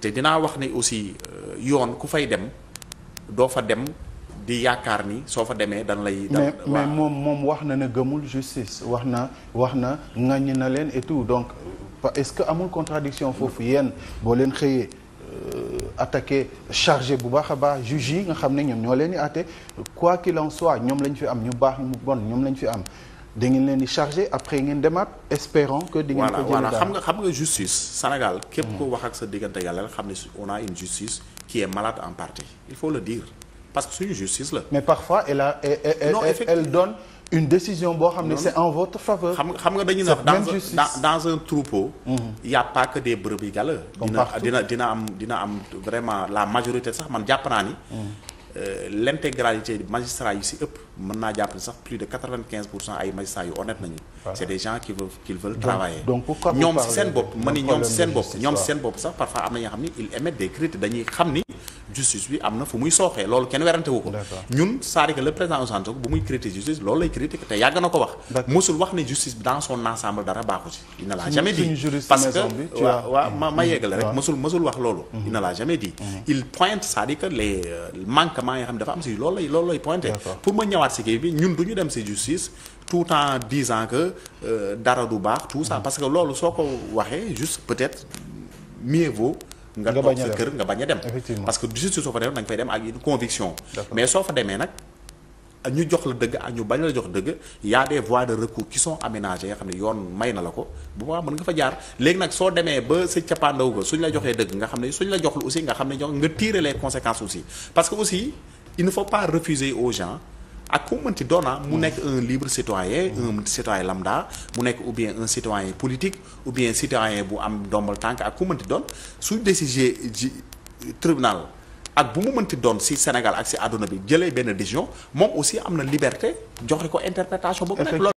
te dinaa wax ne aussi euh, yoon ku fay dem doo fa dem di yaakaar ni soo fa demee dan lay. mais mais moom moom wax na ne gëmul justice wax na wax na ŋaññi na leen et tout donc est-ce que amul contradiction foofu yéen boo leen xëyee. Euh, attaqué chargé bu baax a baax juge yi nga xam ne ñoom ñoo leen di àtte quoi qu'il en soit ñoom lañ fi am ñu baax ñu bon ñoom lañ fi am da ngeen leen di chargé après ngeen demaat espérant que. di ngeen ko jëlee xam nga xam nga justice Sénégal. képp ko hmm. wax ak sa diggante yàlla la xam ne on a une justice qui est malade en partie il faut le dire parce que suñu justice la. mais parfois elle a elle, donne une décision boo xam ne c'est en votre faveur. xam nga xam nga dañuy naan dans dans un troupeau. Hmm. y a pas que des brebis galeux. dina dina dina am dina am vraiment la majorité sax man jàpp ni. Hmm. Euh, l' intégralité magistrats ëpp mën naa jàpp sax plus de quatre-vingt-quinze pour cent ay magistrats yu honnête nañu. c' est des qui veulent qui veulent travailler. ñoom si seen bopp. ma ni ñoom si seen bopp ñoom si seen bopp sax parfois am na ñoo xam ni ils émettent des critiques dañuy xam ni. justice bi am na fu muy sooxee loolu kenn werante wu ko ñun c'est-à-dire que le président Ousmane Sonko bu muy critiquer justice loolu lay critiquer te yàgg na ko wax mosul wax l'a jamais ma ma mmh. wax loolu mmh. il l'a jamais dit mmh. il pointe c'est-à-dire que euh, xam ne dafa am si loolu lay loolu lay pointé pour ma ñëwaat si kii bi ñun du ñu dem si justice tout en disant que euh, dara du baax tout ça parce que loolu soo ko waxee juste peut-être mieux vaut nga toog sa kër nga bañ a dem parce que juste soo fa dem da nga fay dem ak une soo fa demee nag ñu jox la dëgg ak ñu bañ la jox dëgg yaa a des voies de recours qui sont aménagées yoo xam ne yoon may na la ko bu boobaa mën nga fa jaar léegi nag soo demee ba sa cappaandaw ga suñ la joxee dëgg nga xam ne suñ la jox lu aussi nga xam ne jox nga tirer les conséquences aussi parce que aussi il ne faut pas refuser aux gens ak ku mënti doona ah, mu hmm. nekk un libre citoyen hmm. un citoyen lambda mu nekk ou bien un citoyen politique ou bien citoyen bu am ndombal tànk ak ku mënti doon su décider ji tribunal ak bu mu mënti doon si Sénégal ak si àdduna bi jëlee benn décision moom aussi am na liberté joxe ko interprétation boobu nekk